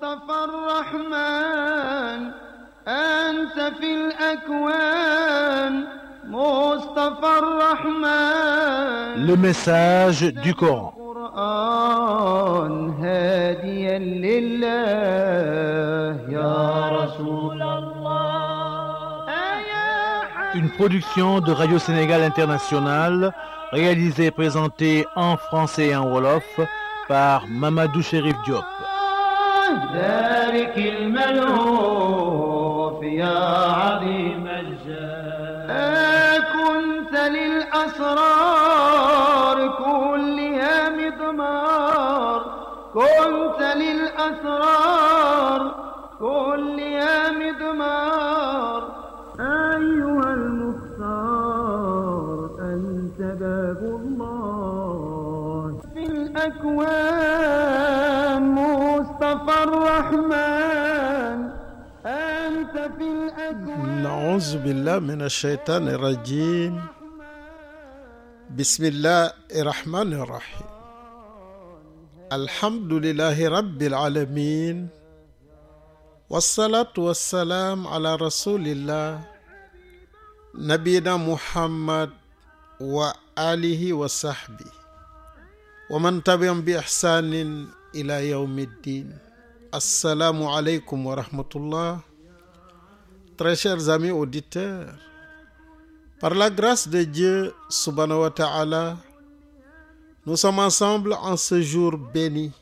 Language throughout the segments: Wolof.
المصطفى الرحمن أنت Le message du Coran القرآن هاديا لله يا رسول Une production de Radio Sénégal International réalisée et présentée en français et en wolof par Mamadou Chérif Diop. ذلك الملهوف يا عظيم الجاه آه كنت للأسرار كلها مضمار كنت للأسرار كلها مضمار نعوذ بالله من الشيطان الرجيم بسم الله الرحمن الرحيم الحمد لله رب العالمين والصلاة والسلام على رسول الله نبينا محمد وآله وصحبه ومن تبعهم بإحسان إلى يوم الدين السلام عليكم ورحمة الله très chers amis auditeurs, par la grâce de Dieu subhanahu wa ta'ala, nous sommes ensemble en ce jour béni,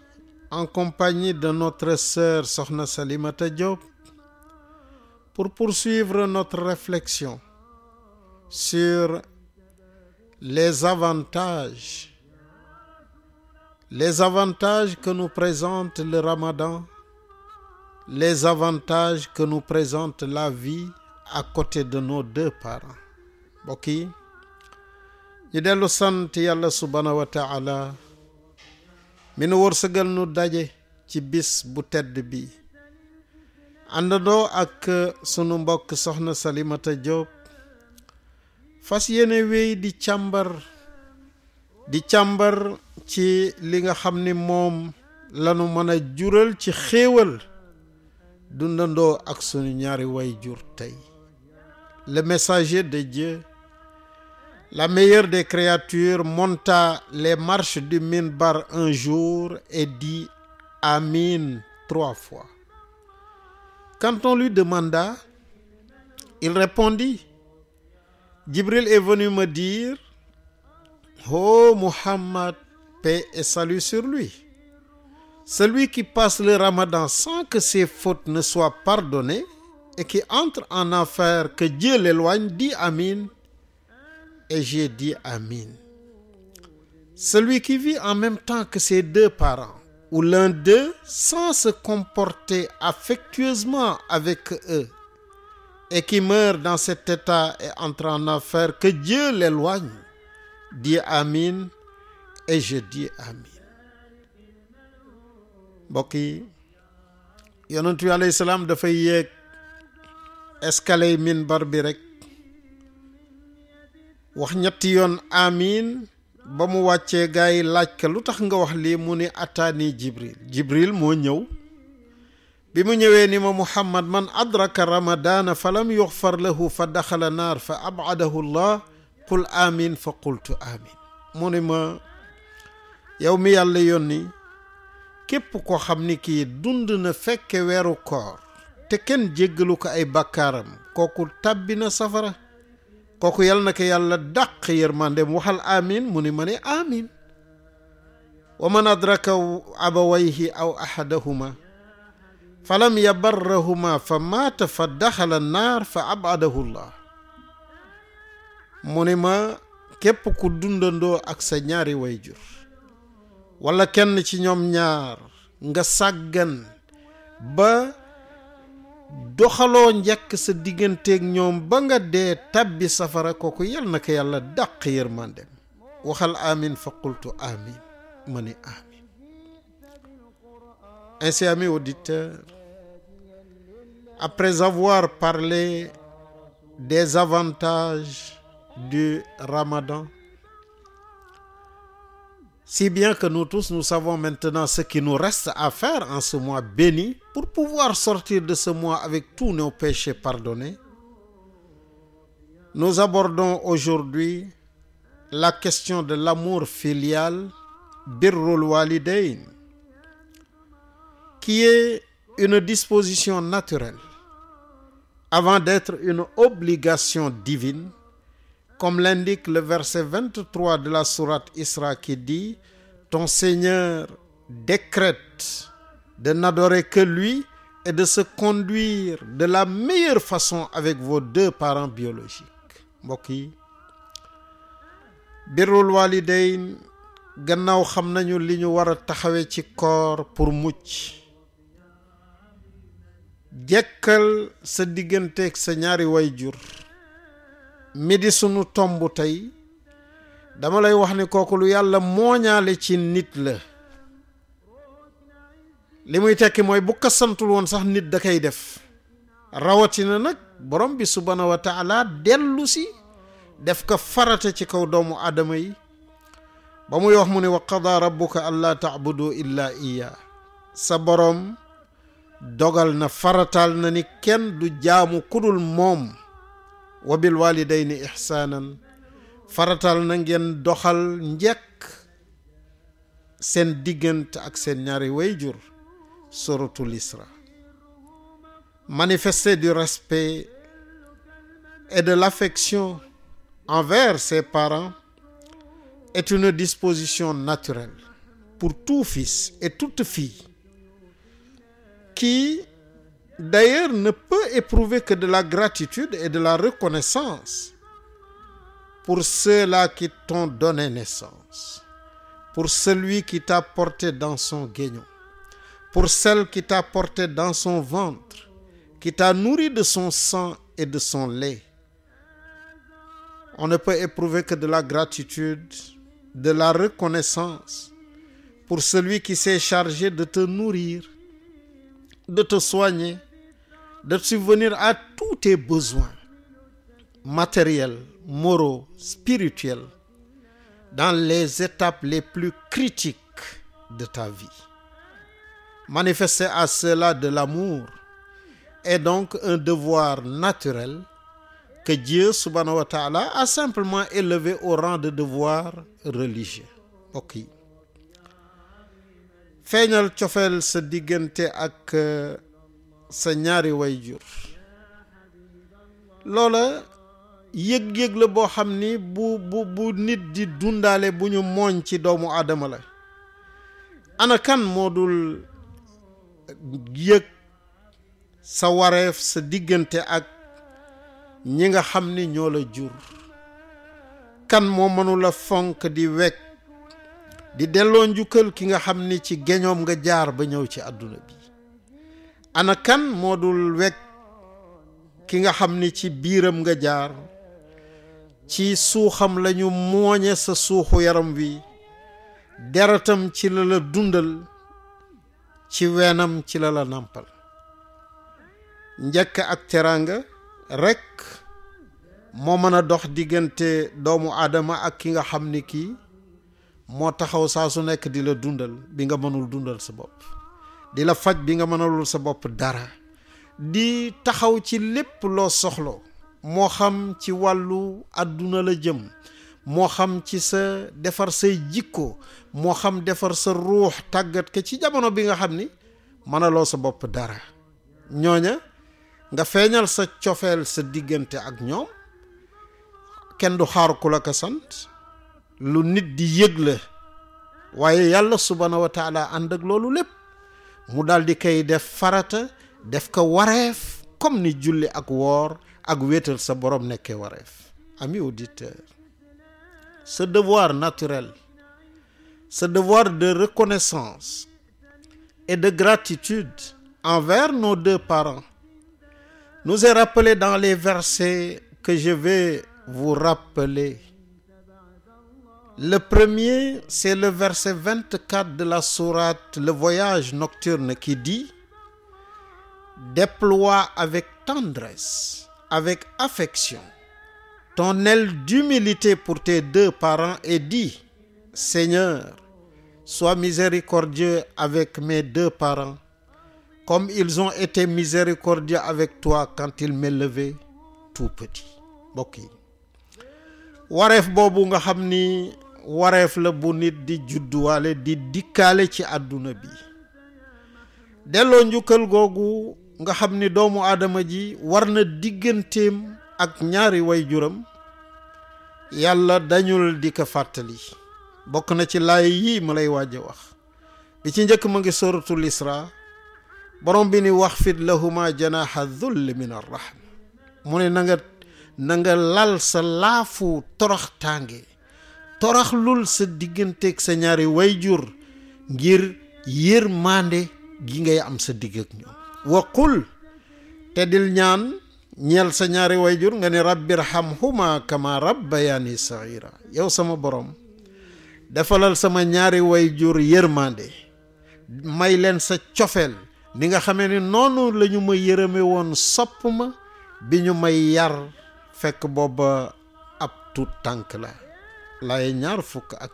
en compagnie de notre sœur Sokhna Salimata Diop, pour poursuivre notre réflexion sur les les avantages que nous présente le Ramadan les avantages que nous présente la vie ak côté de nos deux parents mbokk yi ñu dellu sant yàlla subhaanahu wa taala mi nu wërsëgal nu daje ci bis bu tedd bi àndandoo ak sunu mbokk soxna Salimata Diop fas yéene wéy di càmbar di càmbar ci li nga xam ni moom lanu mën a jural ci xéewal dundandoo ak sunu ñaari way jur tey le messager de Dieu la meilleure des créatures monta les marches du minbar un jour et dit Amin trois fois quand on lui demanda il répondit Jibril est venu me dire oh Muhammad paix et salut sur lui Celui qui passe le ramadan sans que ses fautes ne soient pardonnées et qui entre en enfer, que Dieu l'éloigne, dit Amin. Et j'ai dit Amin. Celui qui vit en même temps que ses deux parents ou l'un d'eux sans se comporter affectueusement avec eux et qui meurt dans cet état et entre en enfer, que Dieu l'éloigne, dit Amin, et je dis Amin. mbokk yi yonentu bi alayhi salaam dafay yéeg escalier minbar bi rek wax ñetti yoon amiin ba mu wàccee gaa yi laaj ka lu tax nga wax lii mu ni ataani jibril jibril moo ñëw bi mu ñëwee ni ma muhammad man adraka ramadaana fa lam yuxfar lahu fa daxala naar fa abadahu llah qul amiin fa qultu amiin mu ni ma yow mi yàlla yónni képp koo xam ni kii dund na fekke weeru koor te kenn jéggalu ko ay bakkaaram kooku tàbbi na safara kooku yal na ko yàlla dàq yërmandem waxal amin mu ni ma ne amin wa man adraka abawayhi aw ahadahuma falam yabarrahuma fa maata fa daxala naar fa abadahu mu ni ma képp ku dundandoo ak sa ñaari wayjur wala kenn ci ñoom ñaar nga sàggan ba doxaloo njëkk sa digganteeg ñoom ba nga dee tabbi safara kooku yal na ko yàlla dàq yërmandem waxal amin fa qultu amin ma ni amin ainsi amis auditeurs après avoir parlé des avantages du ramadan Si bien que nous tous, nous savons maintenant ce qui nous reste à faire en ce mois béni pour pouvoir sortir de ce mois avec tous nos péchés pardonnés. Nous abordons aujourd'hui la question de l'amour filial, birrul walidain, qui est une disposition naturelle avant d'être une obligation divine comme l'indique le verset 23 de la sourate Isra qui Ton Seigneur décrète de n'adorer que lui et de se conduire de la meilleure façon avec vos deux parents biologiques mbokk yi birrul walidayn gannaaw xam nañu li ñu war a taxawee ci koor pour mucc jekkal sa digganteeg sa ñaari way jur mi di sunu tomb tey dama lay wax ni kooku lu yàlla mooñaale ci nit la li muy tekki mooy bu ko santul woon sax nit da koy def rawatina nag borom bi subhaanahu wa taala def ko farata ci kaw doomu aadama yi ba muy wax mu ne wa qada rabbuka allaa taabudu illaa iya sa borom dogal na faratal na ni kenn du jaamu kudul moom wa bil walidayni ihsaanan faratal na ngeen doxal njekk seen diggante ak seen ñaari wayjur suratul isra manifester du respect et de l'affection envers ses parents est une disposition naturelle pour tout fils et toute fille qui d'ailleurs ne peut éprouver que de la gratitude et de la reconnaissance pour ceux-là qui t'ont donné naissance, pour celui qui t'a porté dans son guénon, pour celle qui t'a porté dans son ventre, qui t'a nourri de son sang et de son lait. On ne peut éprouver que de la gratitude, de la reconnaissance pour celui qui s'est chargé de te nourrir, de te soigner, de subvenir à tous tes besoins matériels, moraux, spirituels, dans les étapes les plus critiques de ta vie. Manifester à cela de l'amour est donc un devoir naturel que Dieu subhanahu wa taala a simplement élevé au rang de devoir religieux mbokk feeñal cofeel sa diggante ak euh, sa ñaari wayjur loola yëg-yëg la boo xam ni bu bu bu nit di dundaale bu ñu mooñ ci doomu aadama la ana kan moo dul yëg sa wareef sa diggante ak ñi nga xam ni ñoo la jur kan moo mënula fonk di wekk di delloo njukkal ki nga xam ni ci geñoom nga jaar ba ñëw ci àdduna bi ana kan moo dul wekk ki nga xam ni ci biiram nga jaar ci suuxam lañu mooñe sa suuxu yaram wi deratam ci la la dundal ci weenam ci la la nàmpal njëkk ak teraanga rekk moo mën a dox diggante doomu aadama ak ki nga xam ni kii moo taxaw saa su nekk di la dundal bi nga mënul dundal sa bopp di la faj bi nga mënalul sa bopp dara di taxaw ci lépp loo soxloo moo xam ci wàllu àdduna la jëm moo xam ci sa defar say jikko moo xam defar sa ruux tàggat ko ci jamono bi nga xam ni mënaloo sa bopp dara ñooña nga feeñal sa cofeel sa diggante ak ñoom kenn du xaar ku la ko sant lu nit di yëg la waaye yàlla subhaanahu wa taala ànd ak loolu lépp mu daal di koy def farata def ko wareef comme ni julli ak woor ak wéetal sa borom nekkee wareef ami auditeur ce devoir naturel ce devoir de reconnaissance et de gratitude envers nos deux parents nu est rappelé dans les versets que je vais vous rappeler Le premier, c'est le verset 24 de la sourate Le voyage nocturne qui dit Déploie avec tendresse, avec affection, ton aile d'humilité pour tes deux parents et dis Seigneur, sois miséricordieux avec mes deux parents, comme ils ont été miséricordieux avec toi quand ils m'élevaient tout petit. mbokk yi wareef nga xam wareef la bu nit di judduwaale di dikkaale ci àdduna bi delloo njukkal googu nga xam ni doomu aadama ji war na digganteem ak ñaari waajuram yàlla dañul di ko fàttali bokk na ci laay yii ma lay waaj a wax li ci njëkk ma ngi suratul isra borom bi ni wax fit lahuma janaha dhull min mu ne na nga lal sa laafu torox tànge toraxlul sa digganteeg sa ñaari wayjur ngir yërmande gi ngay am sa digg ak ñoom wa qul te dil ñaan ñeel sa ñaari wayjur nga ne rabbirhamhuma kama rabbayani saghira yow sama borom defalal sama ñaari wayjur yërmande may leen sa cofeel ni nga xamee ni noonu la ma yërëme woon sopp ma bi ñu may yar fekk booba ab tuut tànk la laaye ñaar fukk ak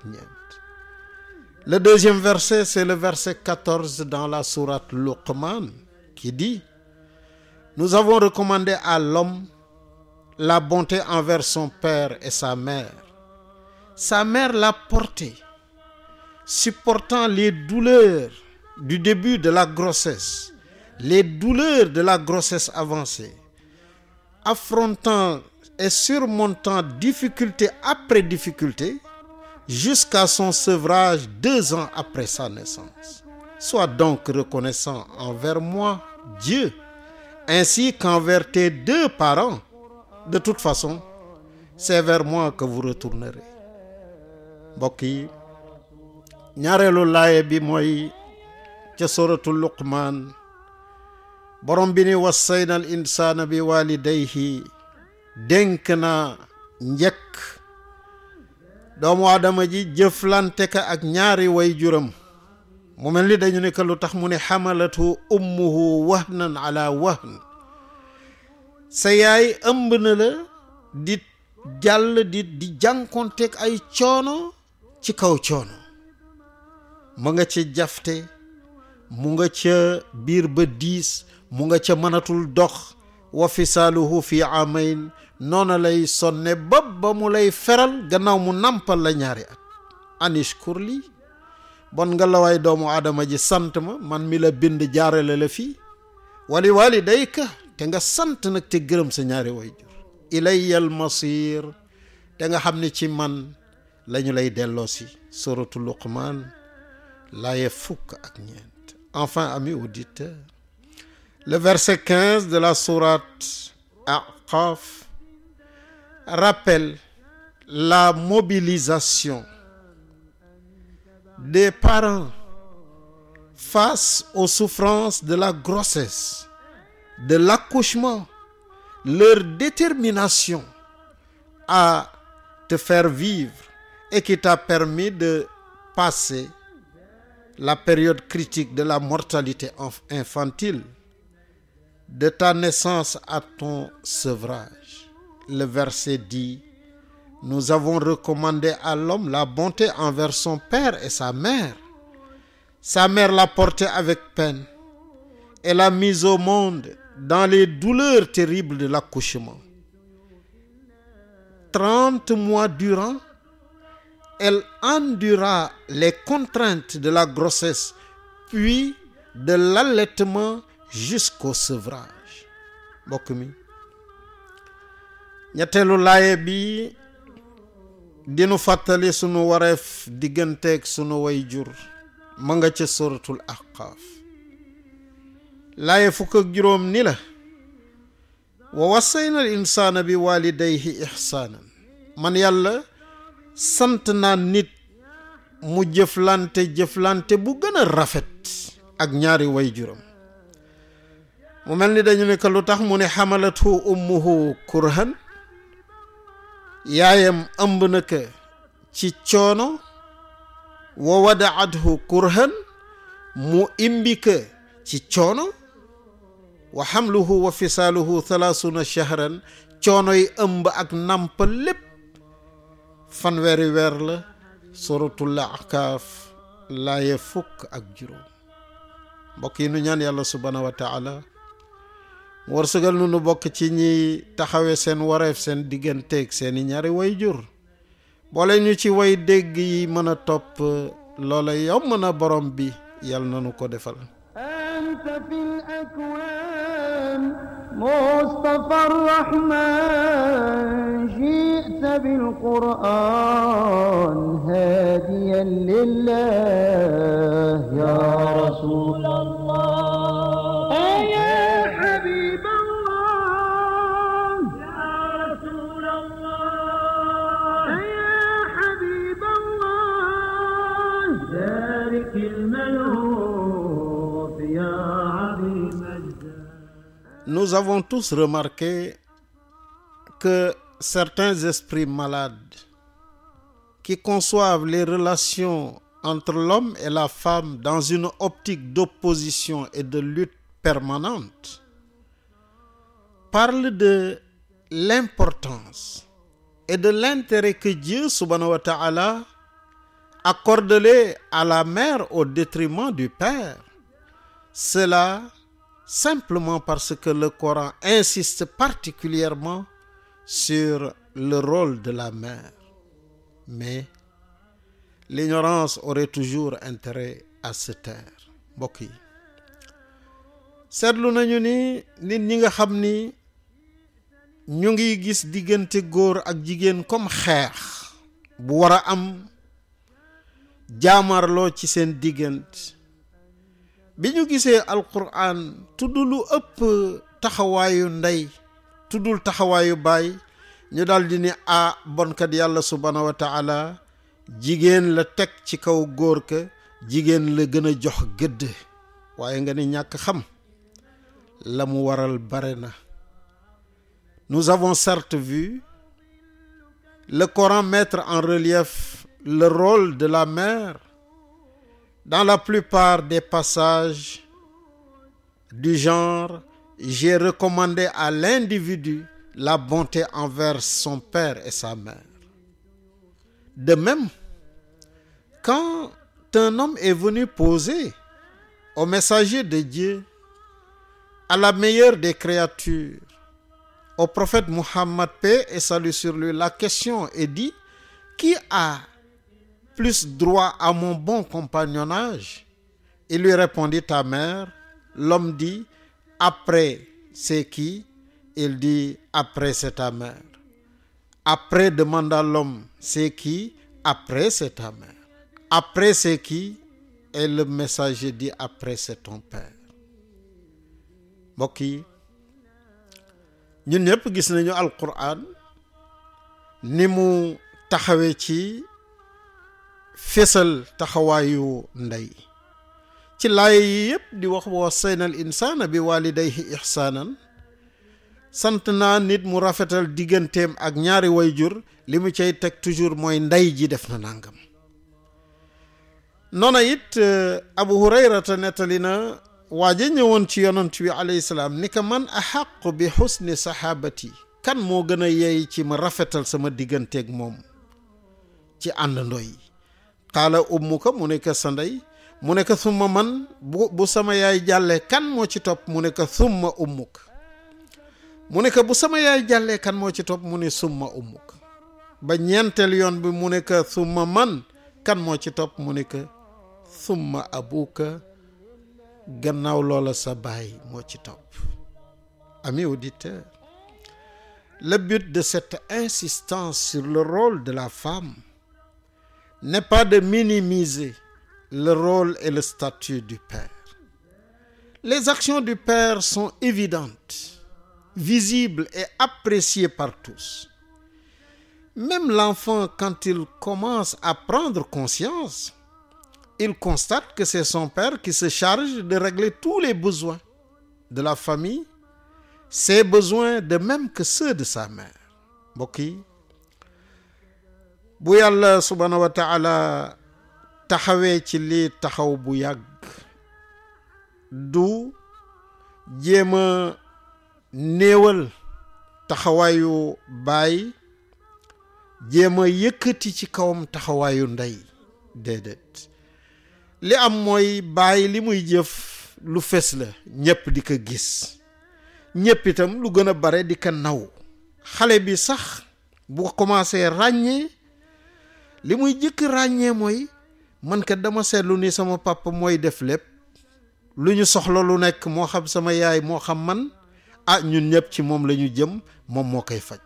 le deuxième verset c'est le verset 14 dans la sourate Luqman qui dit nous avons recommandé à l'homme la bonté envers son père et sa mère sa mère l'a porté supportant les douleurs du début de la grossesse les douleurs de la grossesse avancée affrontant et surmontant difficulté après difficulté jusqu'à son sevrage deux ans après sa naissance. Sois donc reconnaissant envers moi, Dieu, ainsi qu'envers tes deux parents. De toute façon, c'est vers moi que vous retournerez. mbokk yi ñaareelu laaye bi mooy ca suratu Luqmaan borom bi dénk na njëkk doomu aadama ji jëflante ka ak ñaari way juram mu mel ni dañu ne lu tax mu ne xamalatu ummuhu wahnan ala wahn sa yaay ëmb na la di jàll di di jànkonteeg ay coono ci kaw coono mu nga ca jafte mu nga ca biir ba diis mu nga ca mënatul dox wa fisaaluhu fi amayn noona lay sonne ba ba mu lay feral gannaaw mu nàmpal la ñaari at anishkur li bon nga la waaye doomu aadama ji sant ma man mi la bind jaarale la fii wali walidayka te nga sant nag te gërëm sa ñaari waajur ilayya al masir te nga xam ne ci man lañu lay delloo si suratu luqman laaye fukk ak ñeent enfin amis auditeurs Le verset 15 de la sourate Aqaf rappelle la mobilisation des parents face aux souffrances de la grossesse, de l'accouchement, leur détermination à te faire vivre et qui t'a permis de passer la période critique de la mortalité infantile. de ta naissance à ton sevrage. Le verset dit, nous avons recommandé à l'homme la bonté envers son père et sa mère. Sa mère l'a porté avec peine et l'a mise au monde dans les douleurs terribles de l'accouchement. Trente mois durant, elle endura les contraintes de la grossesse, puis de l'allaitement jusqu'au sevrage mbokk mi ñetteelu laaye bi dinu fàttali sunu wareef digganteeg sunu way jur ma nga ca suratul ahqaaf laaye fukk ak juróom ni la wa wassayna al insaana bi walidayhi ixsaanan man yàlla sant naa nit mu jëflante jëflante bu gën rafet ak ñaari way juram mu mel ni dañu ne que lu tax mu ne xamalatu ummuhu kurhan yaayam ëmb na ko ci coono wa wadaathu kurhan mu imbi ko ci coono wa xamluhu wa fisaaluhu thalaasuna shahran coono yi ëmb ak nàmpa lépp fanweeri weer la suratul ahkaaf laaye fukk ak juróom mbokk yi nu ñaan yàlla subhaanahu wa taala mu warsugal nu bokk ci ñiy taxawe seen wareef seen digganteek seeni ñaari way jur boole ñu ci way dégg yi mën a topp loola yomb na borom bi yal na ko defal anta fi al-akwaan mustafa ar-rahmaan ji'ta bil-qur'aan haadiyan lillah ya rasuulallah nous avons tous remarqué que certains esprits malades qui conçoivent les relations entre l'homme et la femme dans une optique d'opposition et de lutte permanente parlent de l'importance et de l'intérêt que Dieu subhanahu wa ta'ala accordait à la mère au détriment du père. Cela simplement parce que le Coran insiste particulièrement sur le rôle de la mère. Mais l'ignorance aurait toujours intérêt à se taire mbokk yi seetlu nañu ni nit ñi nga xam ni ñu ngi gis diggante góor ak jigéen comme xeex bu war a am jaamarloo ci seen diggante bi ñu gisee alquran tudd lu ëpp taxawaayu ndey tuddul taxawaayu baay ñu daldi ni a bonkat yàlla subhaanahu wa jigéen la teg ci kaw góor ka jigéen la gën a jox gëdd waaye nga ni ñàkk xam la mu waral bare na nous avons certes vu le Coran mettre en relief le rôle de la mère Dans la plupart des passages du genre, j'ai recommandé à l'individu la bonté envers son père et sa mère. De même, quand un homme est venu poser au messager de Dieu, à la meilleure des créatures, au prophète Muhammad, paix et salut sur lui, la question est dit, qui a plus droit à mon bon compagnonnage Il lui répondit ta mère. L'homme dit, après c'est qui? Il dit, après c'est ta mère. Après demanda l'homme, c'est qui? Après c'est ta mère. Après c'est qui? Et le messager dit, après c'est ton père. mbokk yi ñun ñëpp gis nañu alquran ni mu taxawee ci fesal taxawaayu ndey ci laay yi yëpp di wax wasaynal insaana bi waalidayhi ixsaanan sant naa nit mu rafetal digganteem ak ñaari wayjur li mu cay teg toujours mooy ndey ji def na nàngam noona it eh, abu hurayrata nettali na waaja ñëwoon ci yonant bi alayhi salaam ni ko man axaqu bi xusni saxaabati kan moo gën a yey ci ma rafetal sama digganteeg moom ci àndandoo yi qaala ummuka mu ne ko sa ndey mu ne ko summa man bu bu sama yaay jàllee kan moo ci topp mu nekk ko summa ummuk mu ko bu sama yaay jàllee kan moo ci topp mu ne summa ummuk ba ñeenteel yoon bi mu nekk ko summa man kan moo ci topp mu ne ko summa abuka gannaaw loola sa baay moo ci topp amis auditeurs le but de cette insistance sur le rôle de la femme n'est pas de minimiser le rôle et le statut du Père. Les actions du Père sont évidentes, visibles et appréciées par tous. Même l'enfant, quand il commence à prendre conscience, il constate que c'est son père qui se charge de régler tous les besoins de la famille, ses besoins de même que ceux de sa mère. mbokk yi bu yàlla subhaanahu wa taxawee ci lii taxaw bu yàgg du jéema a néewal taxawaayu baay jéem a yëkkati ci kawam taxawaayu ndey déedéet li am mooy baay li muy jëf lu fees la ñëpp di ko gis ñëpp itam lu gën a bare di ko naw xale bi sax bu ko commencé ràññee li muy jëkk ràññee mooy man kat dama seetlu ni sama papa mooy def lépp lu ñu soxla lu nekk moo xam sama yaay moo xam man ah ñun ñëpp ci moom la ñu jëm moom moo koy faj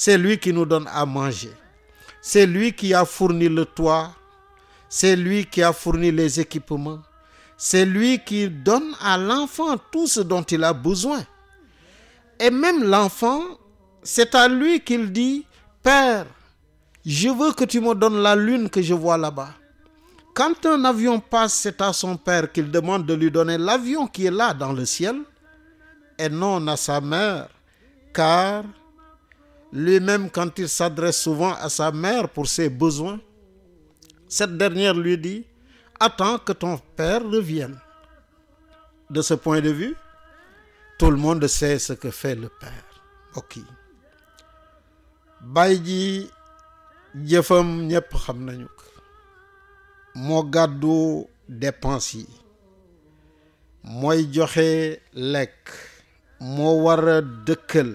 c'est lui qui nous donne à manger c'est lui qui a fourni le toit c'est lui qui a fourni les équipements c'est lui qui donne à l'enfant tout ce dont il a besoin et même l'enfant c'est à lui qu'il di père Je veux que tu me donnes la lune que je vois là-bas. Quand un avion passe, c'est à son père qu'il demande de lui donner l'avion qui est là dans le ciel, et non à sa mère, car lui-même, quand il s'adresse souvent à sa mère pour ses besoins, cette dernière lui dit, attends que ton père revienne. De ce point de vue, tout le monde sait ce que fait le père. Ok. jëfam ñëpp xam nañu moo gàddu dépense yi mooy joxe lekk moo war a dëkkal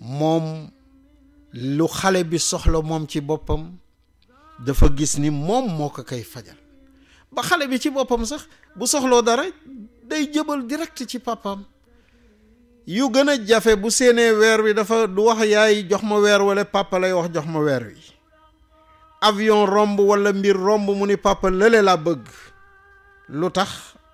moom lu xale bi soxla moom ci boppam dafa gis ni moom moo ko koy fajal ba xale bi ci boppam sax bu soxloo dara day jëbal direct ci papaam yu gën a jafe bu séenee weer wi dafa du wax yaay jox ma weer wala papa lay wax jox ma weer wi avion romb walla mbir romb mu ni pàppal lële laa bëgg lu tax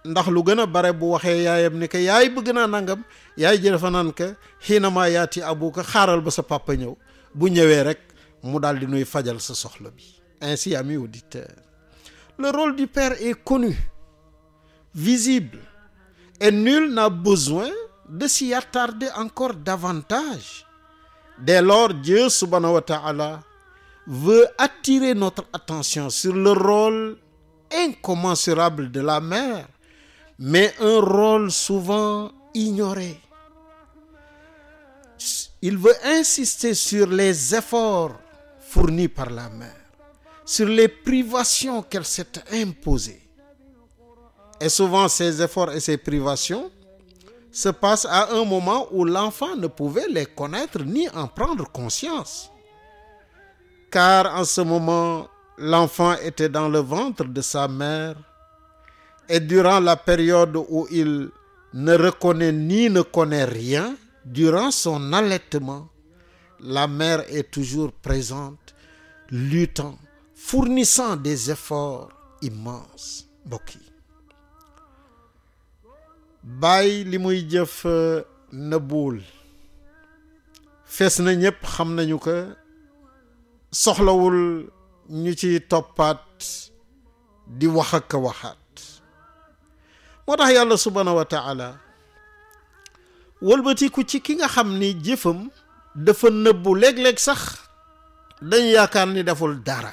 ndax lu gën a bare bu waxee yaayam ni que yaay bëgg naa nangam yaay ji dafa naan que xiinamaa yaati abuka xaaral ba sa papa ñëw bu ñëwee rek mu dal di nuy fajal sa soxla bi ainsi amis auditeurs le rôle du père est connu visible et nul n'a besoin de s'y attarder encore davantage. Dès lors, Dieu subhanahu ta'ala veut attirer notre attention sur le rôle incommensurable de la mère, mais un rôle souvent ignoré. Il veut insister sur les efforts fournis par la mère, sur les privations qu'elle s'est imposées. Et souvent, ces efforts et ces privations se passe à un moment où l'enfant ne pouvait les connaître ni en prendre conscience. Car en ce moment, l'enfant était dans le ventre de sa mère, et durant la période où il ne reconnaît ni ne connaît rien, durant son allaitement, la mère est toujours présente, luttant, fournissant des efforts immenses. bàyyi li muy jëf euh, nëbbuwul fees na ñëpp xam nañu ko soxlawul ñu ci toppaat di wax ak waxaat moo tax yàlla subhaanahu wa taala wëlbatiku ci ki nga xam ni jëfam dafa nëbbu léeg-léeg sax dañ yaakaar ni deful dara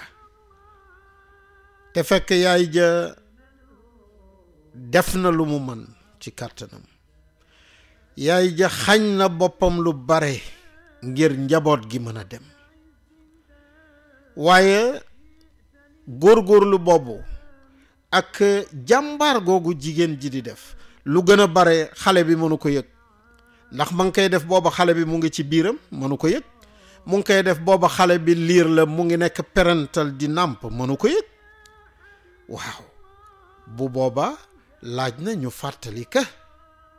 te fekk yaay ja def na lu mu mën ci kàttanam yaay ja xañ na boppam lu bare ngir njaboot gi mën a dem waaye góor góorgóorlu boobu ak jàmbaar googu jigéen ji di def lu gën a bare xale bi mënu ko yëg ndax ma ngi koy def booba xale bi mu ngi ci biiram mënu ko yëg mu ngi koy def booba xale bi liir la mu ngi nekk parental di nàmp mënu ko yëg waaw bu booba laaj na ñu fàttali ka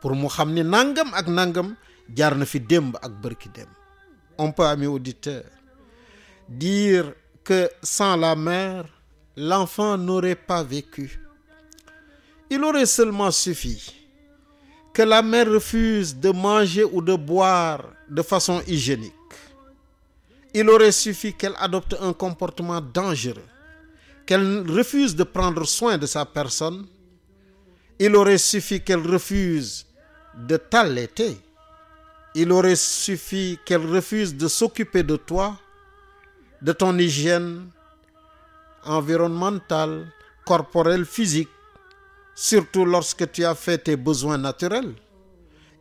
pour mu xam ni nangam ak nangam jaar na fi démb ak bërki démb on peut ami auditeur dire que sans la mère l'enfant n'aurait pas vécu il aurait seulement suffi que la mère refuse de manger ou de boire de façon hygiénique il aurait suffi qu'elle adopte un comportement dangereux qu'elle refuse de prendre soin de sa personne il aurait suffi qu'elle refuse de t'allaiter il aurait suffi qu'elle refuse de s'occuper de toi de ton hygiène environnementale corporelle physique surtout lorsque tu as fait tes besoins naturels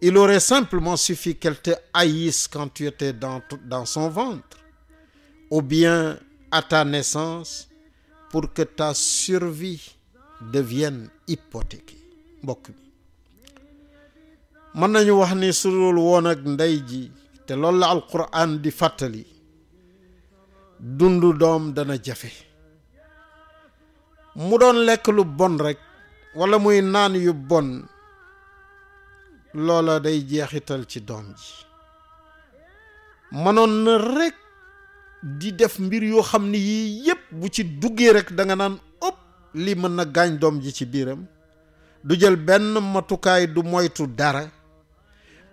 il aurait simplement suffi qu'elle te haïsse quand tu étais dans, dans son ventre ou bien à ta naissance pour que ta survie devienne hypothéquée mbokk bi mën nañu wax ni su woon ak ndey ji te loolu la alquran di fàttali dund doom dana jafe mu doon lekk lu bon rekk walla muy naan yu bon loola day jeexital ci doom ji mënoon na rekk di def mbir yoo xam ni yii yépp bu ci duggee rekk danga naan ëpp li mën na gaañ doom ji ci biiram du jël benn matukaay du moytu dara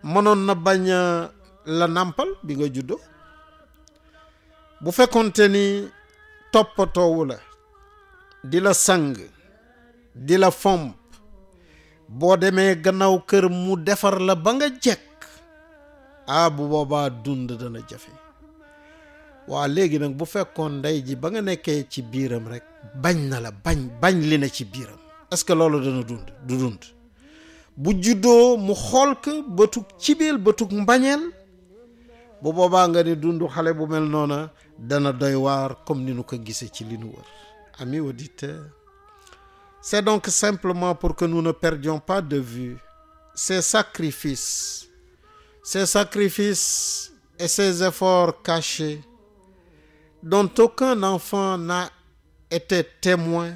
mënoon na bañ la nàmpal bi nga juddoo bu fekkonte ni toppatoowu la di la sang di la fomp boo demee gannaaw kër mu defar la ba nga jekk ah bu boobaa dund dana jafe waa léegi nag bu fekkoon ndey ji ba nga nekkee ci biiram rek bañ na la bañ bañ li na ci biiram est-ce que loolu dana dund du dund bu juddoo mu xool ko bëtug cibeel bëtug mbañeel bu boobaa nga ni dund xale bu mel noona dana doy waar comme ni nu ko gisee ci li nu wër amis auditeurs c'est donc simplement pour que nous ne perdions pas de vue ces sacrifices ces sacrifices et ces efforts cachés dont aucun enfant n'a été témoin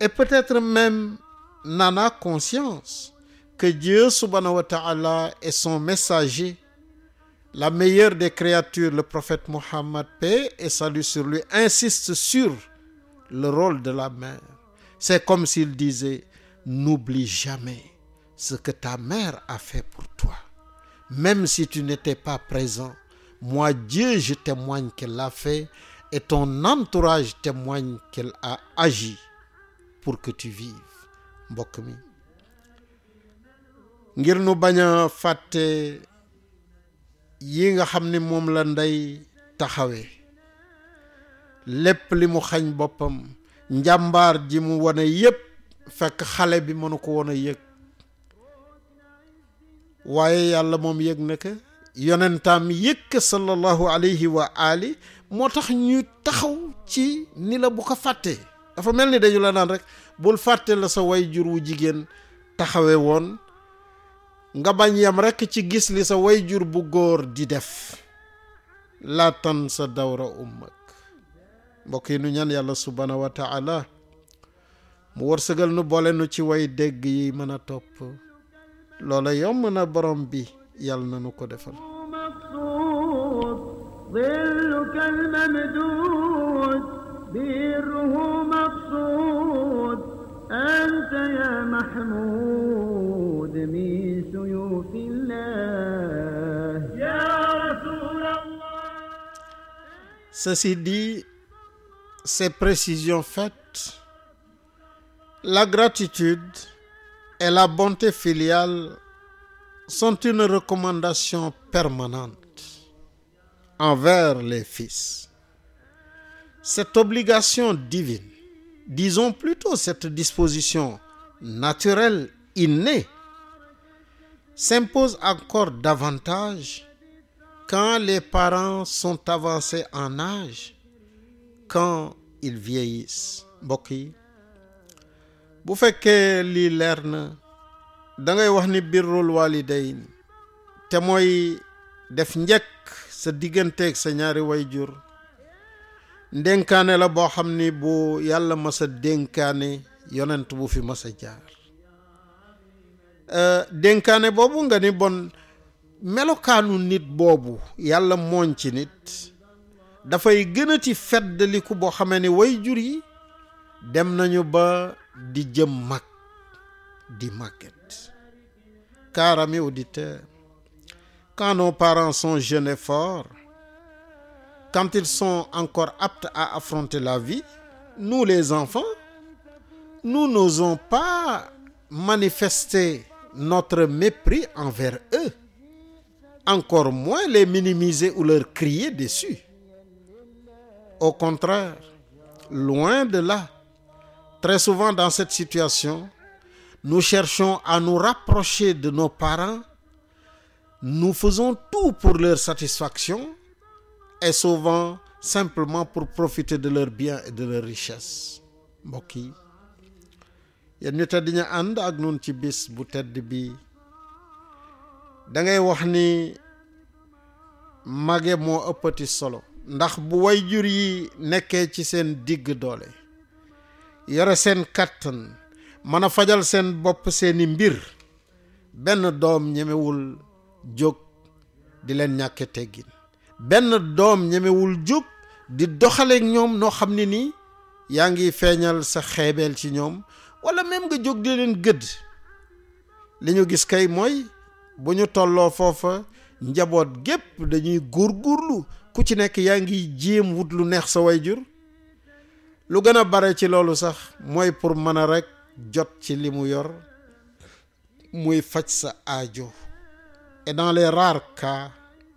et peut-être même n'en a conscience que Dieu subhanahu wa ta'ala son messager, la meilleure des créatures, le prophète Mohammed, paix et salut sur lui, insiste sur le rôle de la mère. C'est comme s'il disait, n'oublie jamais ce que ta mère a fait pour toi. Même si tu n'étais pas présent, moi Dieu, je témoigne qu'elle l'a fait et ton entourage témoigne qu'elle a agi. pour que tu vives mbokk mi ngir nu bañ a fàtte yi nga xam ni moom la ndey taxawee lépp li mu xañ boppam njàmbaar ji mu wane yépp fekk xale bi mënu ko woon a yëg waaye yàlla moom yëg na ko yonentaam yëkk sallallahu alayhi wa ali moo tax ñu taxaw ci ni la bu ko fàttee dafa mel ni dañu la naan rekk bul fàtte la sa way jur wu jigéen taxawe woon nga bañ yam rekk ci gis li sa way jur bu góor di def laa tan sa dawra ummak mbokk yi nu ñaan yàlla subhaanahu wa taala mu wërsëgal nu boole nu ci way dégg yi mën a topp loola yomb na borom bi yàlla na nu ko defal المقصود أنت يا محمود Ceci dit, ces précisions faites, la gratitude et la bonté filiale sont une recommandation permanente envers les fils. Cette obligation divine disons plutôt cette disposition naturelle innée, s'impose encore davantage quand les parents sont avancés en âge, quand ils vieillissent mbokk yi bu fekkee lii leer na da ngay wax ni birrul walidayn te mooy def njëkk sa digganteeg sa ñaari wayjur dénkaane la boo xam ni bu yàlla mas a dénkaane yonent bu fi mas a jaar euh, dénkaane boobu nga ni bon melokaanu nit boobu yàlla mooñ ci nit dafay gën a ci feddaliku boo xamee ni way jur yi dem nañu ba di jëm mag di màgget car amis auditeurs quand nos parents sont quand ils sont encore aptes à affronter la vie, nous les enfants, nous n'osons pas manifester notre mépris envers eux, encore moins les minimiser ou leur crier dessus. Au contraire, loin de là, très souvent dans cette situation, nous cherchons à nous rapprocher de nos parents, nous faisons tout pour leur satisfaction et souvent simplement pour profité de leurs bien et de leur richesse mbokk yi yéen ñu tedd ñu ànd ak nun ci bis bu tedd bi da ngay wax ni mage moo ëppati solo ndax bu way jur yi nekkee ci seen digg doole yore seen kàttan mën a fajal seen bopp seeni mbir benn doom ñemewul jóg di leen ñàkke teggin benn doom ñemewul jóg di doxaleek ñoom noo xam ne nii yaa ngi feeñal sa xeebeel ci ñoom wala même nga jóg di leen gëdd li ñu gis kay mooy bu ñu tolloo foofa njaboot gépp dañuy góorgóorlu ku ci nekk yaa ngiy jéem wut lu neex sa wayjur lu gën a bare ci loolu sax mooy pour mën a rek jot ci li mu yor muy faj sa aajo et dans les rares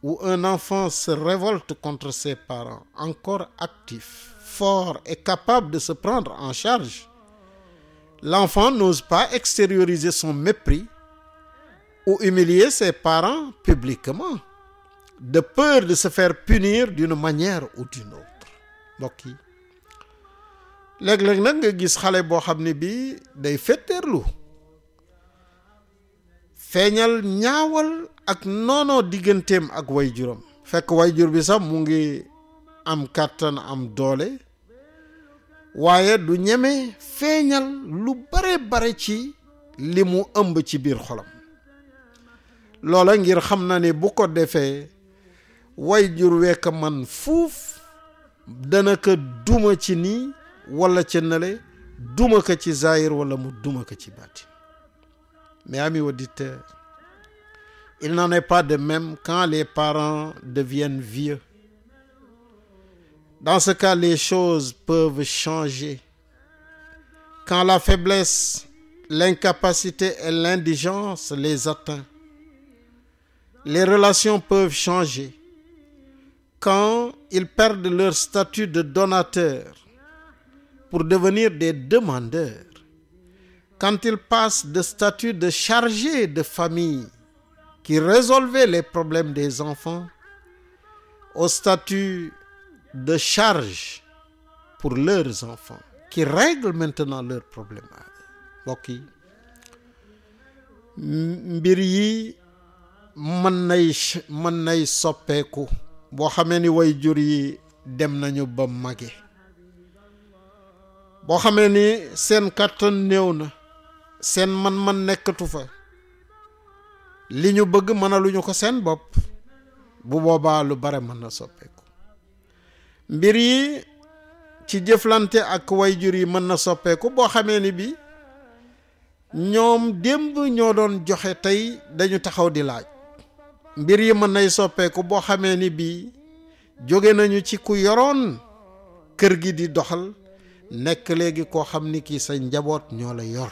où un enfant se révolte contre ses parents, encore actif, fort et capable de se prendre en charge, l'enfant n'ose pas extérioriser son mépris ou humilier ses parents publiquement, de peur de se faire punir d'une manière ou d'une autre mbokk yi léeg nga gis xale boo xam ne bii day fetteerlu feeñal ak noonoo digganteem ak waajuram fekk waajur bi sax mu ngi am kàttan am doole waaye du ñeme feeñal lu bare bare ci li mu ëmb ci biir xolam loola ngir xam na ni bu ko defee wayjur wekk man fuuf dana ko duma ci nii wala ca nale duma ko ci zaahir wala mu duma ko ci baatin mais ami auditeur Il n'en est pas de même quand les parents deviennent vieux. Dans ce cas, les choses peuvent changer. Quand la faiblesse, l'incapacité et l'indigence les atteint, les relations peuvent changer. Quand ils perdent leur statut de donateur pour devenir des demandeurs, quand ils passent de statut de chargé de famille qui résolvait les problème des enfants au statut de charge pour leurs enfants qui règlent maintenant leurs problèmes mbokk mbir yi mën nay nay soppeeku boo xamee ni way jur yi dem nañu ba mage boo xamee ni seen kàttan néew na seen man-man nekkatu fa li ñu bëgg mënaluñu ko seen bopp bu boobaa lu bare mën na soppeeku mbir yi ci jëflante ak wayjur yi mën na soppeeku boo xamee ni bi ñoom démb ñoo doon joxe tey dañu taxaw di laaj mbir yi mën nay soppeeku boo xamee ni bii jóge nañu ci ku yoroon kër gi di doxal nekk léegi koo xam ni kii sa njaboot ñoo la yor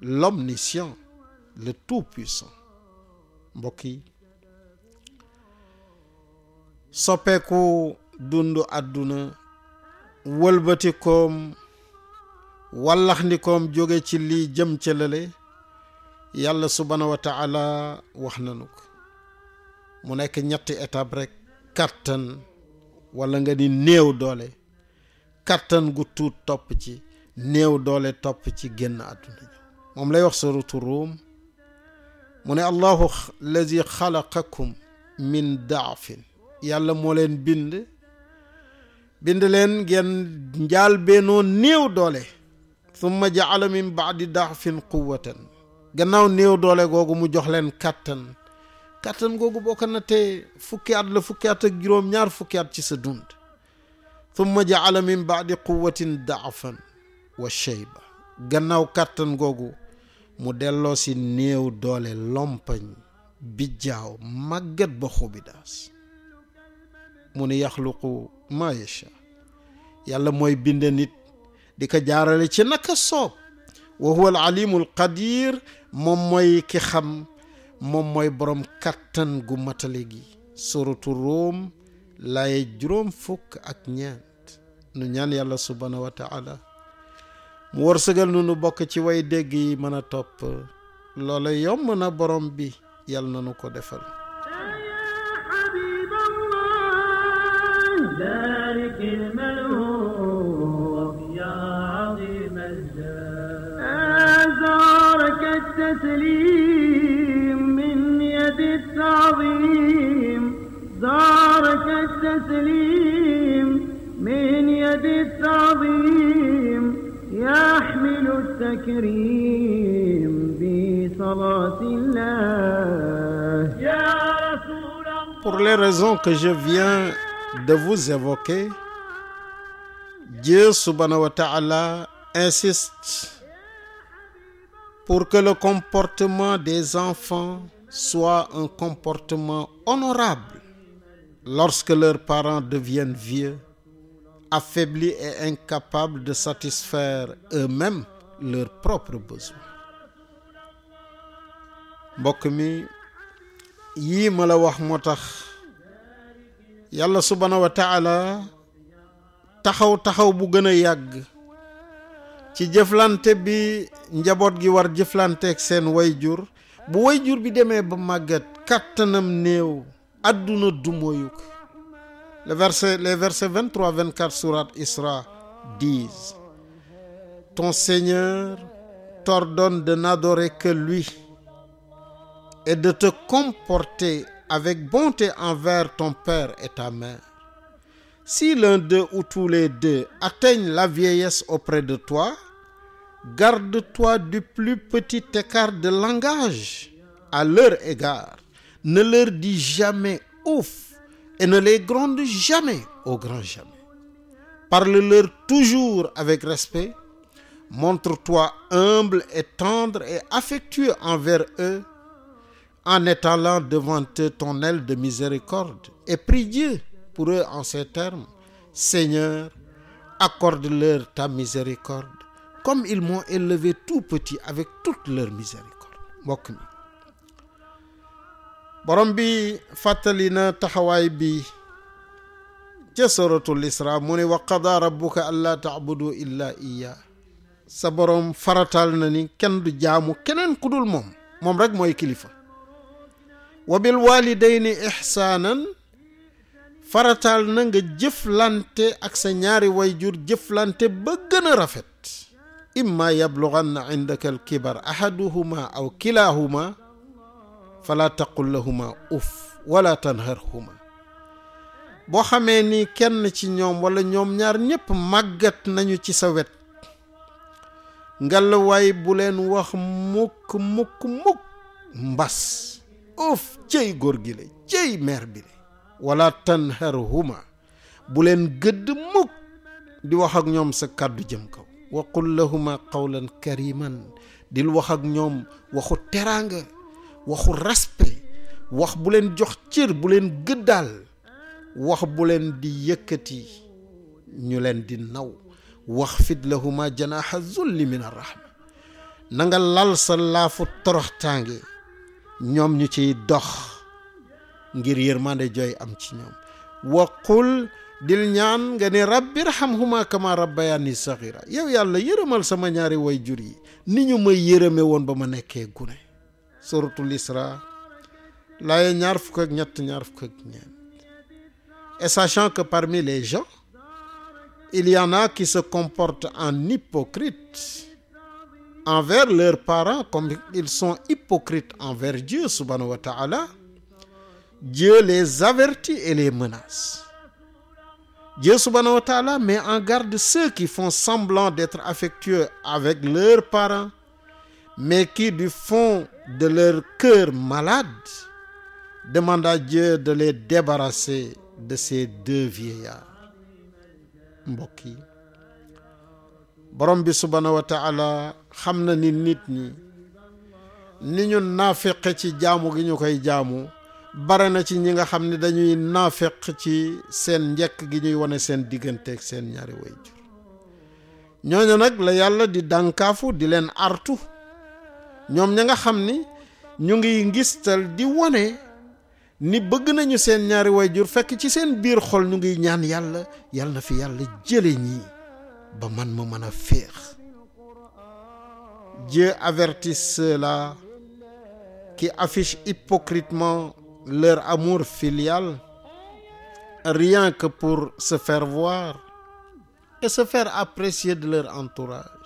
l'omniscient le tout puissant mbokk yi soppeeku dund àdduna wëlbatikoom jóge ci lii jëm ca lale yàlla subhaanahu wa wax nanu ko mu nekk ñetti étape rek kàttan wala nga di néew doole kàttan gu tuut topp ci néew doole topp ci génn àdduna moom lay wax suratu ruum mu ne allahu lazi xalaqakum min daafin yàlla moo leen bind bind leen ngeen njaal bennoo néew doole summa jaala min baadi daafin quwatan gannaaw néew doole googu mu jox leen kàttan kàttan googu boo ko nattee fukki at la fukki at ak juróom ñaar fukki at ci sa dund summa jaala min baadi quwatin daafan wa shayba gannaaw kàttan googu mu delloo si néew doole lompañ bijjaaw màggat ba xubidaas mu ni yaxluqu maa yasha yàlla mooy bind nit di ko jaarale ci naka soob wa huwa al moom mooy ki xam moom mooy borom kàttan gu matali gi suratu Room laaye juróom fukk ak ñeent nu ñaan yàlla subhaanahu wa mu wërsëgal nu nu bokk ci way dégg yi mën a topp loola yomb na borom bi yàlla na nu ko defal زارك التسليم من يد التعظيم Pour les raisons que je viens de vous évoquer, Dieu subhanahu wa ta'ala insiste pour que le comportement des enfants soit un comportement honorable lorsque leurs parents deviennent vieux affaiblis et incapables de satisfaire eux-mêmes leurs propres besoins mbokk mi yii ma la wax moo tax yàlla subhaanahu wa taala taxaw taxaw bu gën a yàgg ci jëflante bi njaboot gi war jëflanteeg seen wayjur bu jur bi demee ba màgget kàttanam néew àdduna du mooyu ko Le verset, les versets 23, 24, sourate Isra disent, Ton Seigneur t'ordonne de n'adorer que lui et de te comporter avec bonté envers ton père et ta mère. Si l'un d'eux ou tous les deux atteignent la vieillesse auprès de toi, garde-toi du plus petit écart de langage à leur égard. Ne leur dis jamais et ne les gronde jamais au grand jamais. Parle-leur toujours avec respect, montre-toi humble et tendre et affectueux envers eux, en étalant devant eux ton aile de miséricorde, et prie Dieu pour eux en ces termes, Seigneur, accorde-leur ta miséricorde, comme ils m'ont élevé tout petit avec toute leurs miséricorde. mbokk borom bi fàttali na taxawaay bi ca suratul isra mu ne wa taabudu illaa iya sa borom faratal na kenn du jaamu keneen ku dul moom moom rek mooy kilifa wa bil walidayni ixsaanan farataal na nga jëflante ak sa ñaari wayjur jëflante ba gën rafet imma yablughanna indaka al ahaduhuma aw kilahuma fala taqul lahuma uf wala tanharhuma boo xamee ni kenn ci ñoom walla ñoom ñaar ñépp màggat nañu ci sa wet ngalawaay bu leen wax mukk mukk mukk mbas uf cëy góor gi la cëy meer bi la wala tanharhuma bu gëdd mukk di wax ak ñoom sa kàddu jëm ko waqul lahuma qawlan kariman dil wax ak ñoom waxu teraanga waxu respect wax bu leen jox cër bu leen gëddaal wax bu leen di yëkkati ñu leen di naw wax fit lahuma janaha zulli min arrahma na lal sa laafu toroxtaange ñoom ñu ciy dox ngir yërmande jooy am ci ñoom waqul dil ñaan nga ne rabbi irhamhuma kama rabbayani saxira yow yàlla yërëmal sama ñaari woy jur yi ni ñu ma yërëme woon ba ma nekkee gune suratul isra laaye ñaar fukk ak ñett ñaar fukk ak et sachant que parmi les gens il y en a qui se comportent en hypocrite envers leurs parents comme ils sont hypocrites envers Dieu subhanahu wa ta'ala Dieu les avertit et les menace Dieu subhanahu wa ta'ala met en garde ceux qui font semblant d'être affectueux avec leurs parents mais kii du fond de leur cœur malade demanda à de les débarrasser de ces deux vieillards mbokk yi borom bi subhaanahu wa xam na ni nit ñi ni ñu naafeq ci jaamu gi ñu koy jaamu bare na ci ñi nga xam ne dañuy naafeq ci seen njëkk gi ñuy wane seen diggante ak seen ñaari wayjur ñooñu nag la yàlla di dànkaafu di leen artu ñoom ña nga xam ni ñu ngi ngistal di wone ni bëgg nañu seen ñaari wayjur fekk ci seen biir xol ñu ngi ñaan yàlla yàlla na fi yàlla jële ñii ba man ma mën a féex Dieu avertise ceux-là qui affichent hypocritement leur amour filial rien que pour se faire voir et se faire apprécier de leur entourage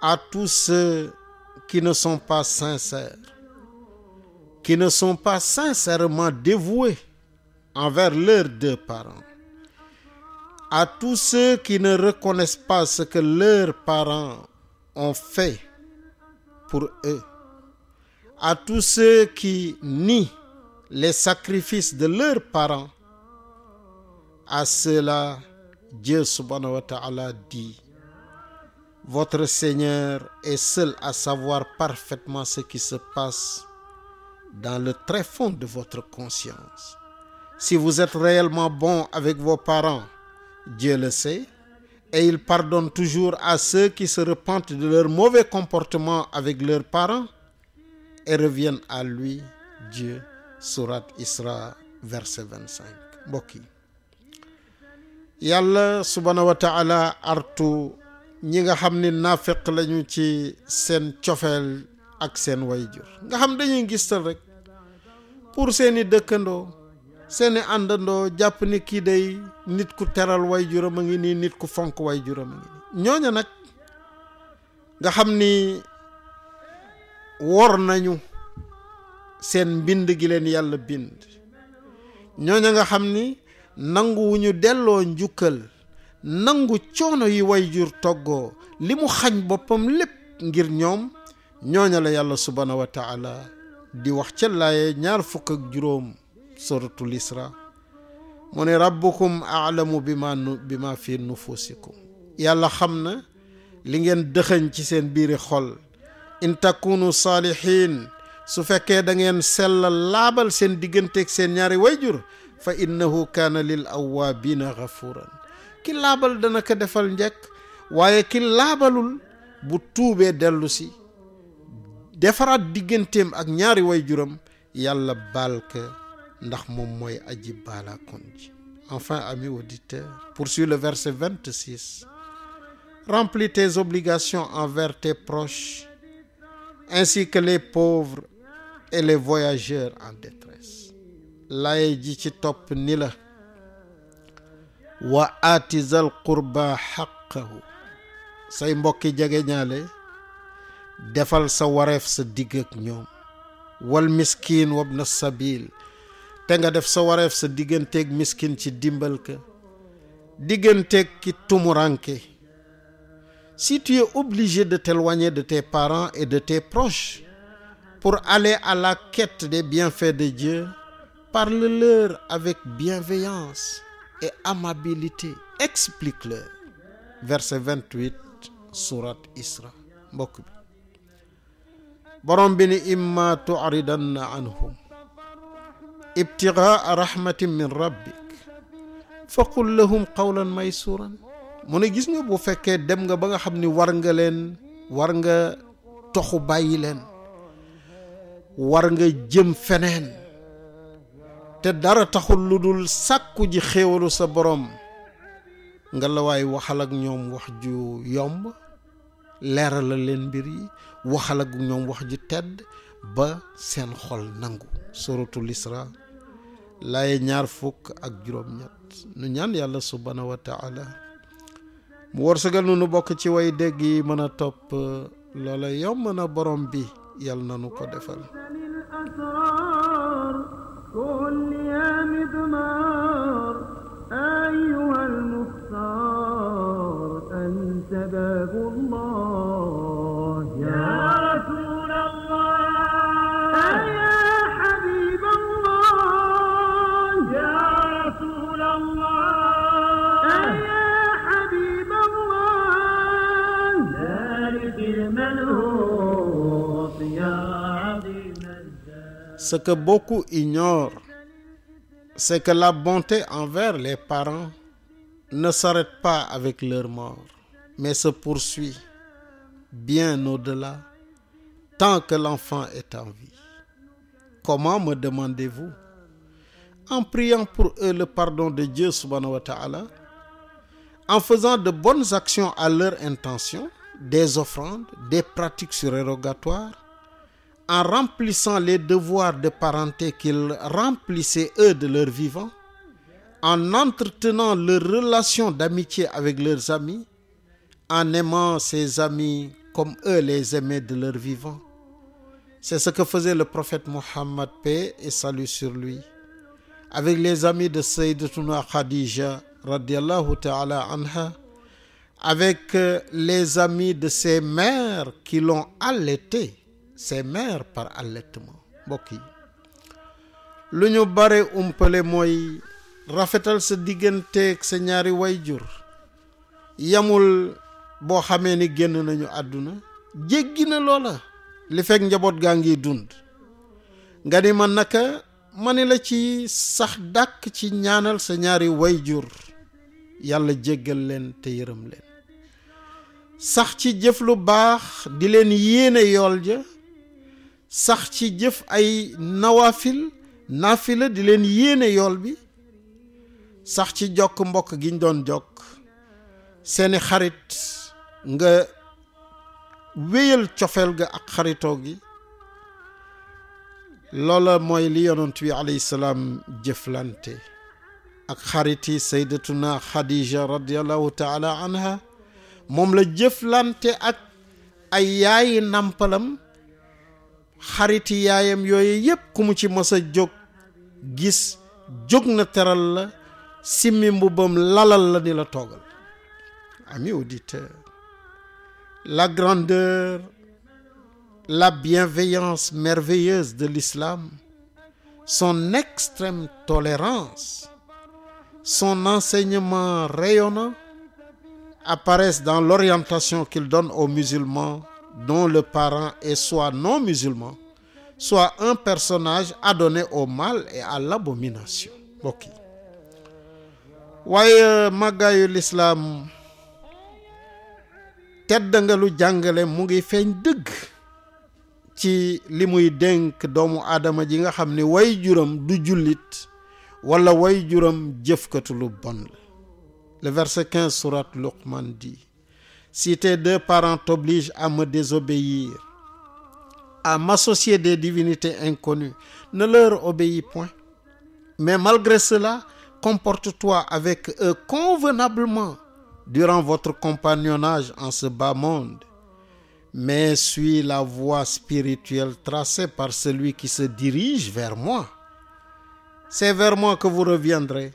à tous ceux qui ne sont pas sincères, qui ne sont pas sincèrement dévoués envers leurs deux parents, à tous ceux qui ne reconnaissent pas ce que leurs parents ont fait pour eux, à tous ceux qui nient les sacrifices de leurs parents, à ceux-là, Dieu subhanahu ta'ala dit Votre Seigneur est à savoir parfaitement ce qui se passe dans le tréfonds de votre conscience. Si vous êtes bon avec vos parents, Dieu le sait, et il toujours à ceux qui se de leur mauvais comportement avec leurs parents et reviennent à lui, Isra, verset 25. mbokk ñi nga xam ni naafeq lañu ci seen cofeel ak seen wayjur nga xam dañuy gistal rek pour seeni dëkkandoo seeni àndandoo jàpp ni kii day nit ku teral wayjuram a ngi nii nit ku fonk wayjuram a ngi nii ñooña nag nga xam ni wor nañu seen mbind gi leen yàlla bind ñooña nga xam ni nanguwuñu delloo njukkal nangu coono yi way jur toggoo li mu xañ boppam lépp ngir ñoom ñooña yàlla subhaanahu wa di wax ca laaye ñaar fukk ak juróom suratul isra mu ne rabbukum aalamu bi bi ma fi nufusikum yàlla xam na li ngeen dëxëñ ci seen biiri xol in takunu saalihiin su fekkee dangeen ngeen sellal laabal seen digganteeg seen ñaari wayjur fa innahu kaana lil awwaabiina gafuuran ki laabal dana ko defal njëkk waaye ki laabalul bu tuubee dellu si defaraat digganteem ak ñaari way waajuram yàlla baal ka ndax moom mooy aji baalaakon ji enfin amis auditeurs poursuit le verset 26 remplis tes obligations envers tes proches ainsi que les pauvres et les voyageurs en détresse laye ji ci topp ni la wa aati zal qurba xaqahu say mbokki jege ñaale defal sa wareef sa digg ak ñoom wal miskin wabna sabil te nga def sa wareef sa digganteeg miskin ci dimbal ka digganteeg ki tumuranke si tu es obligé de t'éloigner de tes parents et de tes proches pour aller à la quête des bienfaits de Dieu parle-leur avec bienveillance et amabilité explique-leur verset 28 sourate Isra mbokk bi borom bi ni imma tu'ridanna anhum ibtigaa rahmatin min rabbik faqul lahum qawlan maysuran mu ne gis nga bu fekkee dem nga ba nga xam ni war nga leen war nga toxu bàyyi leen war nga jëm feneen te dara taxul lu dul sàkku ji xéewalu sa boroom ngelawaay la waxal ak ñoom wax ju yomb leeral la leen mbir yi waxal ak ñoom wax ju tedd ba seen xol nangu suratul isra laaye ñaar fukk ak juróom-ñett nu ñaan yàlla subhaanahu wa taala mu wërsëgal nu nu bokk ci way dégg yi mën a topp loola yomb na borom bi yàlla na nu ko defal الثمار أيها المختار أنت باب الله يا رسول الله يا حبيب الله يا رسول الله يا حبيب الله ذلك المنهوط يا عظيم الجاه Ce que beaucoup ignorent c'est que la bonté envers les parents ne s'arrête pas avec leur mort, mais se poursuit bien au-delà tant que l'enfant est en vie. Comment me demandez-vous? En priant pour eux le pardon de Dieu subhanahu wa ta'ala, en faisant de bonnes actions à leur intention, des offrandes, des pratiques surérogatoires, en remplissant les devoirs de parenté qu'ils remplissaient eux de leur vivant, en entretenant leurs relations d'amitié avec leurs amis, en aimant ses amis comme eux les aimaient de leurs vivant. C'est ce que faisait le prophète Mohammed, paix et salut sur lui, avec les amis de Sayyidatuna Khadija, radiallahu ta'ala anha, avec les amis de ses mères qui l'ont allaitée c'est maire par allaitement mbokk yi lu ñu bare umpale mooy rafetal sa digganteeg sa ñaari wayjur yamul boo xamee ni génn nañu àdduna jéggi na loola li fekk njaboot gaa ngi dund nga ni ma naka ma ni la ci sax dàkk ci ñaanal sa ñaari wayjur yàlla jéggal leen te yërëm leen sax ci jëf lu baax di leen yéene yool ja sax ci jëf ay nawafil nafila di leen yéene yool bi sax ci jokk mbokk gi ñu doon jokk seeni xarit nga wéyal cofeel ga ak xaritoo gi loola mooy li yonent bi alayhi salaam jëflante ak xariti saydatuna xadija radiallahu taala anha moom la jëflante ak ay yaayi nàmpalam xariti yaayam yooyu yépp ku mu ci mës a jóg gis jóg na teral la simmi mbubbam lalal la ni la toogal ami auditeur la grandeur la bienveillance merveilleuse de lislaam son extrême tolérance son enseignement rayonnant apparaissent dans l'orientation qu'il donne aux musulmans dont le parent et soit non musulman soit un personnage adonné au mal et à l'abomination mbokk yi waaye euh, màggaayu lislaam tedd jàngale mu ngi feeñ dëgg ci li muy dénk doomu aadama ji nga xam ni way juram du jullit wala way juram jëfkatu lu bon la le verset 15 sourate si tes deux parents t'obligent à me désobéir, à m'associer des divinités inconnues, ne leur obéis point. Mais malgré cela, comporte-toi avec eux convenablement durant votre compagnonnage en ce bas monde, mais suis la voie spirituelle tracée par celui qui se dirige vers moi. C'est vers moi que vous reviendrez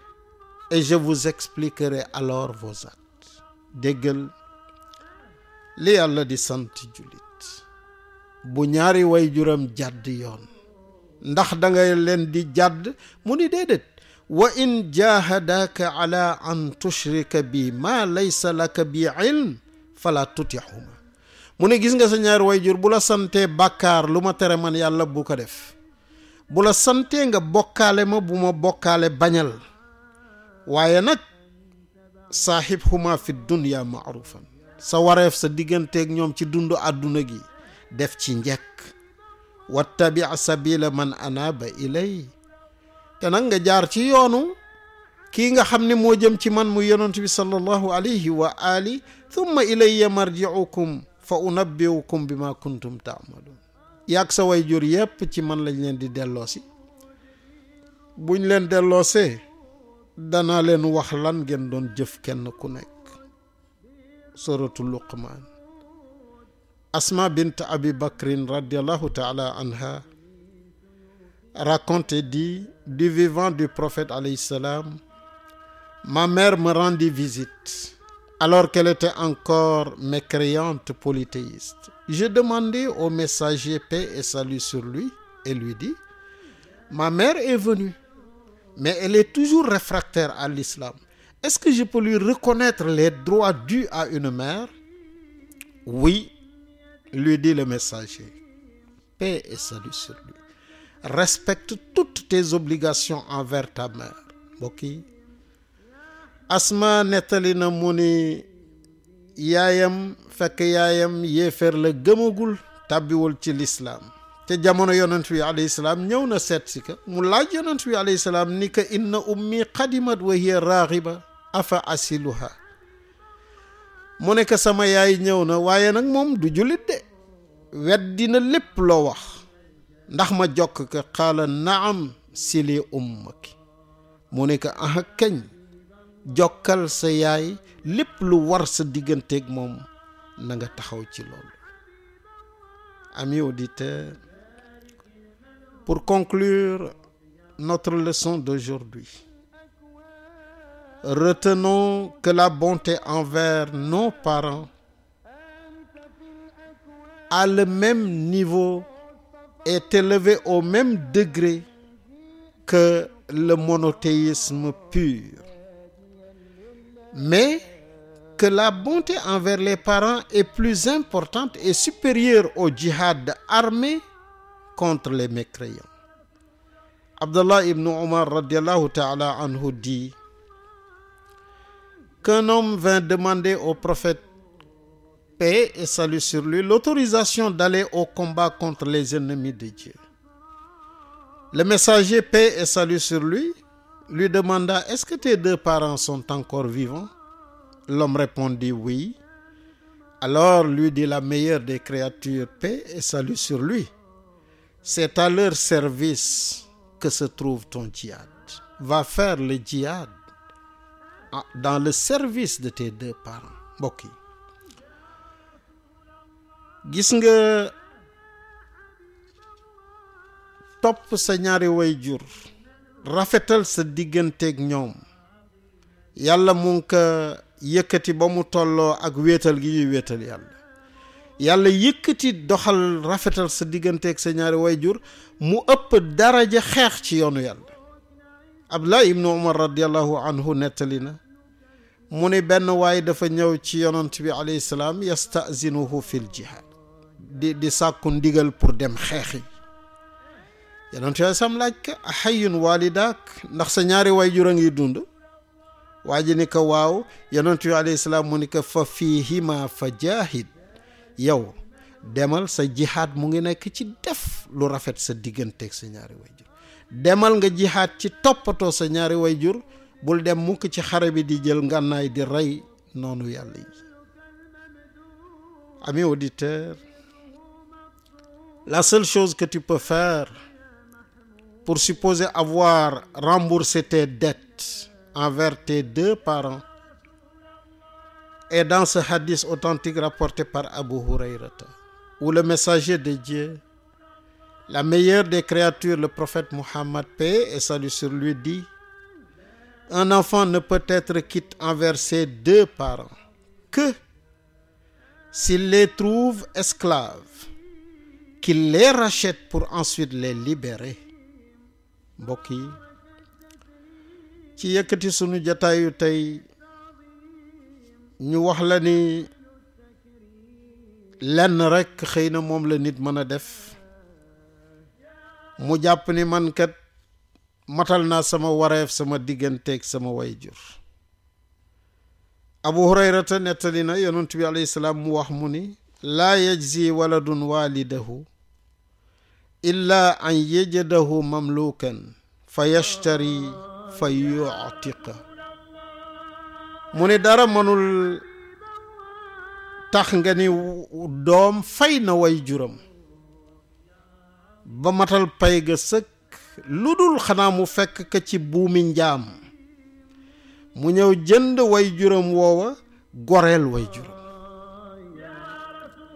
et je vous expliquerai alors vos actes. li yàlla di sant jullit bu ñaari way juram jàdd yoon ndax da leen di jàdd mu ni déedéet wa in jaahadaaka ala an tushrika bi ma laysa laka bi ilm fala tutixuma mu ne gis nga sa ñaari way jur bu la sante bàkkaar lu ma tere man yàlla bu ko def bu la santee nga bokkaale ma bu ma bokkaale bañal waaye nag saaxib huma fi dunya maarufan sa wareef sa digganteek ñoom ci dundu àdduna gi def ci njekk wattabi sabila man anaaba ilay te nag nga jaar ci yoonu kii nga xam ne moo jëm ci man mu yonent bi sallallahu alayhi wa ali thumma ilayya marjiukum fa unabbiukum bima kuntum taamaluun yàgg sa way jur yépp ci man lañ leen di delloosi buñ leen delloosee danaa leen wax lan ngeen doon jëf kenn ku nekk suratu luqmaan asma bint abi bakrin radiallahu taala anha raconte et dit du vivant du prophète alayhi salam ma mère me rendit visite alors qu'elle était encore mécréante polythéiste je demandai au messager paix et salut sur lui et lui dis ma mère est venue mais elle est toujours réfractaire à l'islam est-ce que je peux lui reconnaître les droits dus à une mère oui lui dit le messager paix et salut sur lui respecte toutes tes obligations envers ta mère mbokk yi asma nettali na mu ni yaayam fekk yaayam yéeféer la gëmagul tàbbiwul ci lislaam te jamono yonent bi alayhi salaam ñëw na seet si ka mu laaj yonent bi alayhi salaam ni ka inna ummi qadimat wa hiya raaxiba afa asiluha mu ne nekk sama yaay ñëw na waaye nag moom du jullit de weddi na lépp loo wax ndax ma jokk ka xaala naam sili ummaki mu nekk aha kañ jokkal sa yaay lépp lu war sa digganteeg moom na nga taxaw ci loolu amis auditeurs pour conclure notre leçon d'aujourd'hui retenons que la bonté envers nos parents à le même niveau est élevée au même degré que le monothéisme pur mais que la bonté envers les parents est plus importante et supérieure au djihad armé contre les mécréants Abdallah ibn Omar radiallahu dit qu'un homme vint demander au prophète paix et salut sur lui l'autorisation d'aller au combat contre les ennemis de Dieu. Le messager paix et salut sur lui lui demanda, est-ce que tes deux parents sont encore vivants? L'homme répondit oui. Alors lui dit la meilleure des créatures, paix et salut sur lui. C'est à leur service que se trouve ton djihad. Va faire le djihad. Ah, dans le service de tes deux parents mbokk yi gis nga topp sa ñaari way jur rafetal sa diggante digganteeg ñoom yàlla mu ngi yëkkati ba mu tolloo ak wéetal gi ñuy wéetal yàlla yàlla yëkkati doxal rafetal sa digganteeg sa ñaari waajur mu ëpp daraja xeex ci yoonu yàlla Abdullah ibnu Umar radiallahu anhu nettali na mu ni benn waaye dafa ñëw ci yonant bi alayhi salaam yastazinuhu fi jihaad di di sàkku ndigal pour dem xeexi yonant yooyu sam laaj ka xayun waalidaak ndax sa ñaari way jur a ngi dund waa ji ni ko waaw yonant yu alayhi salaam mu ni ko fa fiihima fa jaahid yow demal sa jihaad mu ngi nekk ci def lu rafet sa digganteeg sa ñaari way jur demal nga jixaat ci toppatoo sa ñaari way jur bul dem mukk ci xare bi di jël ngànnaay di rey noonu yàlla yi ami auditeur la seule chose que tu peux faire pour supposer avoir remboursé tes dettes envers tes deux parents est dans ce hadith authentique rapporté par Abu Hurayrata où le messager de Dieu La meilleure des créatures, le prophète Muhammad, paix et salut sur lui, dit Un enfant ne peut être quitte envers ses deux parents que s'il les trouve esclaves, qu'il les rachète pour ensuite les libérer. mbokk yi ci yëkkati sunu jataayu tey ñu wax la ni lenn rekk xëy na moom la nit mën a def. mu jàpp ni man kat matal naa sama wareef sama digganteeg sama wayjur abu hurayrata nettali na yonent bi salaam mu wax mu ni laa walla waladun waalidahu illa an yajadahu mamlukan fa yashtari fa yuctiqa mu ni dara mënul tax nga ni doom fay na way juram ba matal pay ga sëkk lu dul xanaa mu fekk ka ci buumi njaam mu ñëw jënd way juróom woowa goreel way juram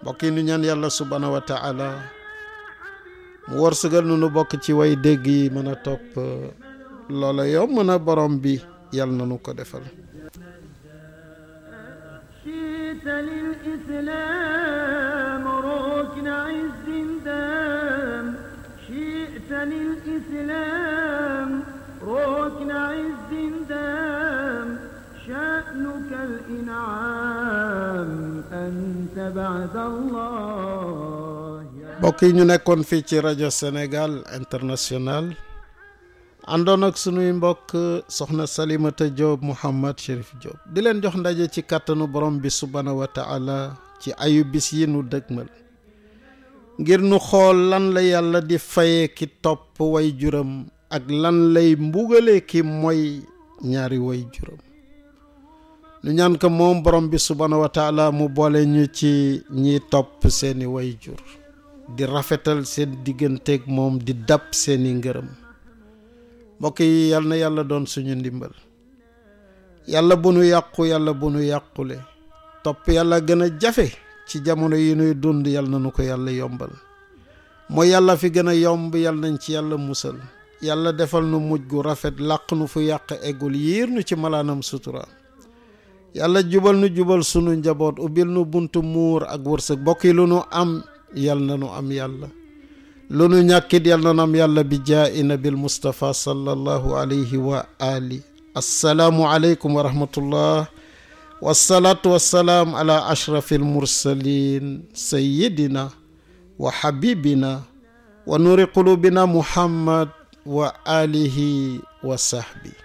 mbokk nu ñaan yàlla subhaanahu wa taala mu wërsëgal nu nu bokk ci way dégg yi mën a topp loola yomb na borom bi yàlla na nu ko defal للإسلام ركن عز دام شأنك الإنعام أنت بعد الله mbokk yi ñu nekkoon fii ci rajo Sénégal International àndoon ak sunuy mbokk soxna Salimata Diop Mouhamed di leen jox ndaje ci kàttanu borom bi subhaanahu wa taala ci ayu bis yi nu dëgmal ngir nu xool lan la yàlla di faye ki topp way juram ak lan lay mbugale ki mooy ñaari way juram nu ñaan ko moom borom bi subhaanahu wa mu boole ñu ci ñiy topp seeni way jur di rafetal seen digganteeg moom di dab seeni ngërëm mbokk yi yal na yàlla doon suñu ndimbal yàlla bu nu yàqu yàlla bu nu yàqule topp yàlla gën a jafe ci jamono yi nuy dund yal na nu ko yàlla yombal mooy yàlla fi gën a yomb yal nañ ci yàlla musal yàlla defal nu mujj gu rafet làq nu fu yàq eggul yiir nu ci malaanam sutura yàlla jubal nu jubal sunu njaboot ubbil nu buntu muur ak wërsëg bokk nu am yal na nu am yàlla lu nu ñàkkit yàlla na nu yàlla bi jaa i nabil mustapha sallallahu ali assalaamu aleykum wa rahmatullah wasalaatu wasalaam ala ashrafil mursalin sayidina wa habibina wa nuuri qulubina muhammad wa alihi wa sahbi